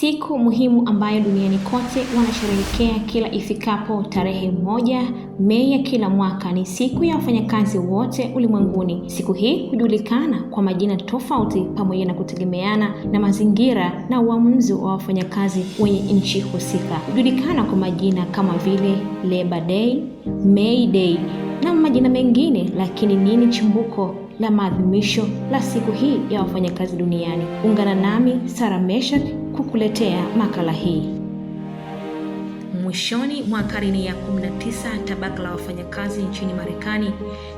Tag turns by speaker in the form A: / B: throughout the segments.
A: siku muhimu ambayo duniani kote wanasherehekea kila ifikapo tarehe moja Mei ya kila mwaka. Ni siku ya wafanyakazi wote ulimwenguni. Siku hii hujulikana kwa majina tofauti pamoja na kutegemeana na mazingira na uamuzi wa wafanyakazi wenye nchi husika. Hujulikana kwa majina kama vile Labor Day, May Day na majina mengine. Lakini nini chimbuko la maadhimisho la siku hii ya wafanyakazi duniani? Ungana nami Sara Meshak kukuletea makala hii.
B: Mwishoni mwa karne ya 19, tabaka la wafanyakazi nchini Marekani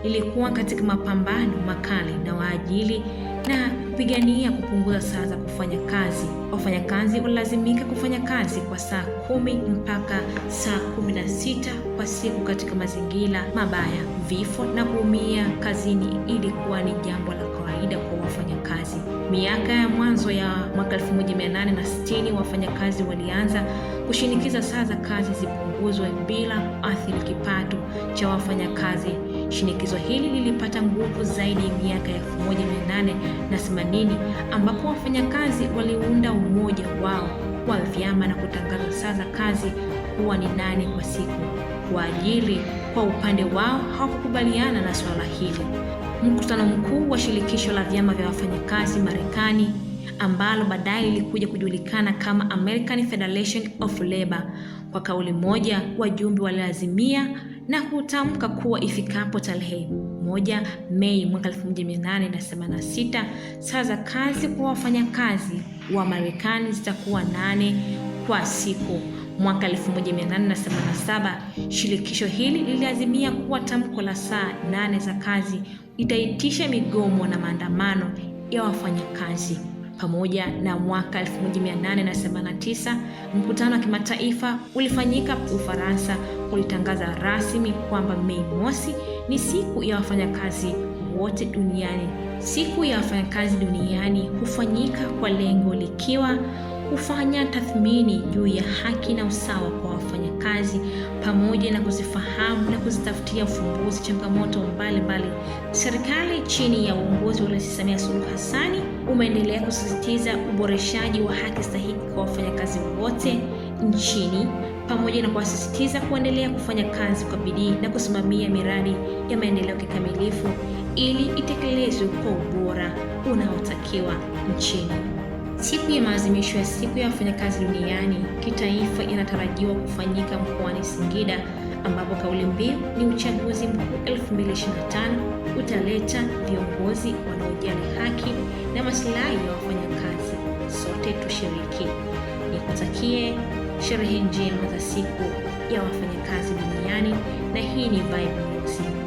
B: lilikuwa katika mapambano makali na waajili na kupigania kupunguza saa za kufanya kazi. Wafanyakazi walilazimika kufanya kazi kwa saa kumi mpaka saa kumi na sita kwa siku katika mazingira mabaya. Vifo na kuumia kazini ilikuwa ni jambo la kawaida kwa wafanyakazi. Miaka ya mwanzo ya mwaka sitini wafanyakazi walianza kushinikiza saa za kazi zipunguzwe bila athiri kipato cha wafanyakazi. Shinikizo hili lilipata nguvu zaidi miaka ya 1880 ambapo wafanyakazi waliunda umoja wao wa vyama na kutangaza saa za kazi kuwa ni nane kwa siku. Waajiri kwa upande wao hawakukubaliana na suala hili. Mkutano mkuu wa shirikisho la vyama vya wafanyakazi Marekani ambalo baadaye lilikuja kujulikana kama American Federation of Labor kwa kauli moja, wajumbe waliazimia na kutamka kuwa ifikapo tarehe moja Mei mwaka 1886 saa za kazi kwa wafanyakazi wa Marekani zitakuwa nane kwa siku. Mwaka 1887 shirikisho hili liliazimia kuwa tamko la saa nane za kazi itaitisha migomo na maandamano ya wafanyakazi pamoja na mwaka 1889 mkutano wa kimataifa ulifanyika Ufaransa ulitangaza rasmi kwamba Mei Mosi ni siku ya wafanyakazi wote duniani. Siku ya wafanyakazi duniani hufanyika kwa lengo likiwa kufanya tathmini juu ya haki na usawa kwa wafanyakazi pamoja na kuzifahamu na kuzitafutia ufumbuzi changamoto mbalimbali. Serikali chini ya uongozi wa Rais Samia Suluhu umeendelea kusisitiza uboreshaji wa haki stahiki kwa wafanyakazi wote nchini pamoja na kuwasisitiza kuendelea kufanya kazi kwa bidii na kusimamia miradi ya maendeleo kikamilifu ili itekelezwe kwa ubora unaotakiwa nchini. Siku ya maadhimisho ya siku ya wafanyakazi duniani kitaifa inatarajiwa kufanyika mkoani Singida ambapo kauli mbiu ni uchaguzi mkuu 2025 utaleta viongozi wanaojali haki na maslahi ya wafanyakazi, sote tushiriki. Nikutakie sherehe njema za siku ya wafanyakazi duniani, na hii ni Vibe Music.